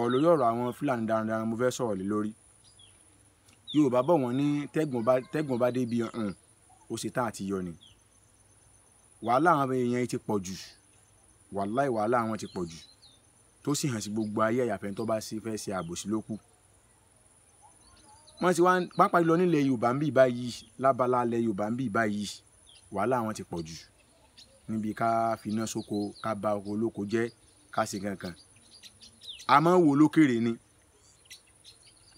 ọ̀rọ̀ lórí ọ̀rọ̀ àwọn fúlàní darandaran mo fẹ́ sọ̀rọ̀ lé lórí yorùbá bọ̀ wọ́n ní tẹ́gbọ̀n bá débi hàn ó ṣe tán àti yọ ni wàhálà àwọn èèyàn ti pọ̀ jù wàláì wàhálà àwọn ti pọ̀ jù tó sì hàn sí gbogbo ayé àyàfẹ́ tó bá fẹ́ ṣe àbòsí ló kù wọ́n ti wá pápá lọ nílẹ̀ yorùbá ń bì báyìí lábala ilẹ̀ yorùbá ń bì báyìí wàhálà àwọn ti pọ̀ jù níbi ká finá sóko ká ba oko olóko jẹ́ ká ṣe kankan a máa ń wò lókèrè ni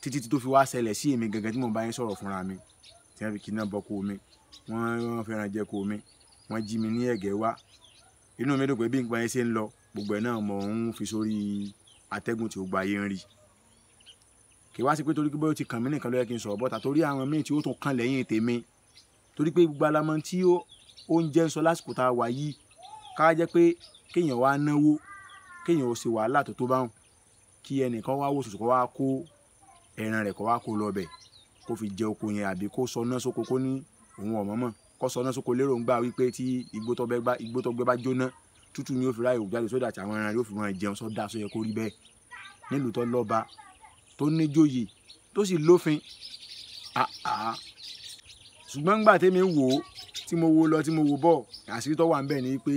títí tó fi wá ṣẹlẹ̀ sí èmi gangan tí mo bá yín sọ̀rọ̀ fúnra mi tí wọ́n fi kí náà bọ́ kó omi wọ́n wọ́n fẹ́ràn jẹ́ kó omi wọ́n jí mi ní ẹ̀gẹ́ wá inú mi dùn pé bí nǹkan yẹn ṣe ń lọ gbogbo ẹ̀ náà mọ̀ ń fi sórí atẹ́gùn tí gbogbo ayé ń rí kì í wá sí pé torí bóyá ó ti kàn mí nìkan ló yẹ kí n sọ̀rọ̀ bọ́ta torí àwọn míì tí ó tún kàn lẹ́yìn tèmi torí pé gbogbo alamọ tí ó ń jẹ́ sọ lásìkò tá a wà yìí ká jẹ́ pé kéèyàn wá náwó kéèyàn ó ṣe wàhálà tó tó báwọn kí ẹnìkan wá wò sùsù kó wá kó ẹran rẹ̀ kó wá kó lọ bẹ̀ kó fi jẹ oko yẹn àbí kó sọ náà sóko kó ní òun ọ̀mọ́mọ́ kó sọ náà sóko lérò ń gbà wípé tí igbó tọgbẹ́ bá jóná tútù ni yóò fi ráyè òjáde sódà tí àwọn ẹran yóò fi wọn jẹun sọdá sọ yẹ kó rí bẹ́ẹ̀ nílùú tó lọ́ba tó níjòyè tó sì lófin ṣùgbọ́n ńgbà tèmi wò ó tí mo wo lọ tí mo wo bọ̀ àṣírí tó wà ń ni pé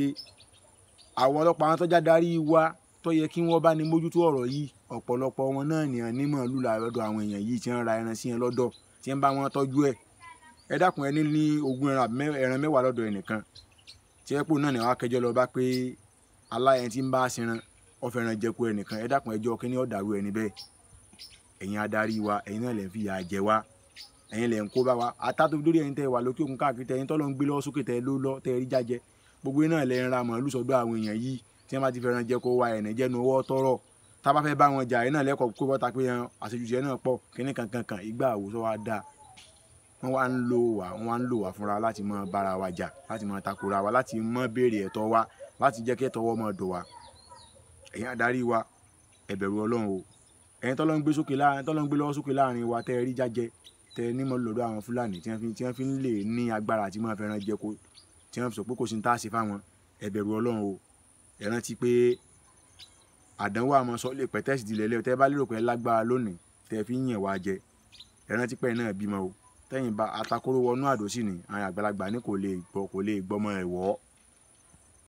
àwọn ọlọ́pàá wọn tọ́jà darí wa tó yẹ kí wọ́n bá ní mójútó ọ̀rọ̀ yìí ọ̀pọ̀lọpọ̀ wọn náà nìyẹn ní màálù lọ́dọ̀ àwọn èèyàn yìí tí ń ra ẹran sí yẹn lọ́dọ̀ tí ń bá wọn tọ́jú ẹ̀ ẹ dákun ẹni ní ogún ẹran mẹ́wàá lọ́dọ̀ ẹnìkan tí ẹ pò náà ní wàá kẹjọ lọ bá pé aláyẹ tí ń bá sinran ọfẹ ẹran jẹko ẹnìkan ẹ dákun ẹjọ kí ni ọ̀dàrú ẹni bẹ́ẹ̀ ẹ̀yin adarí wa ẹ̀yin náà lè fi yà jẹ wa ẹ̀yin lè ń kó bá wa atátó lórí ẹ̀yin tẹ wà lókè òkun káàkiri tẹ ẹ̀yin tọ́lọ́ ń gbé lọ sókè tẹ ló lọ tẹ rí jájẹ gbogbo náà lè ń ra màálù sọ́dọ̀ àwọn èèyàn yìí tí wọ́n bá ti fẹ́ràn jẹko wa ẹ̀nẹ́jẹ́nu ọwọ́ tọ́rọ̀ tábà fẹ́ bá wọn jà yìí náà lẹ́kọ̀ọ́ kó bọ́ta pé àṣejùṣe náà pọ̀ kíní kankan kan ìgbà àwòsọ wa dáa wọ́n wá ń lò wá wọ́n wá ń lò wá fúnra láti máa bára wa jà láti máa takora wa láti máa béèrè ẹ̀tọ́ wa láti jẹ́ kí ẹ̀tọ́ wọ́n máa dọ̀ wá ẹ̀yin adarí wa ẹ bẹ̀rù ọlọ́run o ẹ̀yin tọ́lọ́ ń gbé sókè láàrin tọ́lọ́ ń gbé lọ́wọ́ sókè láàrin wa tẹ́ ẹ rí jájẹ tẹ́ ẹ nímọ̀ lọ́dọ̀ àwọn fúlàní tí wọ́n fi ń lè ní agbára àti máa fẹ́ràn jẹ tí wọ́n sọ pé kò sí ní tá a ṣe fáwọn ẹ ọlọ́run o ẹ pé àdánwò àmọ́sọ́ lè pẹ́ tẹ́sí ìdílé lẹ́yìn tẹ́ bá lérò pé lágbára lónìí tẹ́ fi ń yàn wá jẹ ẹran tí pẹ́yìn náà bímọ o tẹ́yìn bá atakóró wọnú àdó sí ni àwọn àgbàlagbà ní kò lè gbọ́ kò lè gbọ́mọ ẹ̀wọ́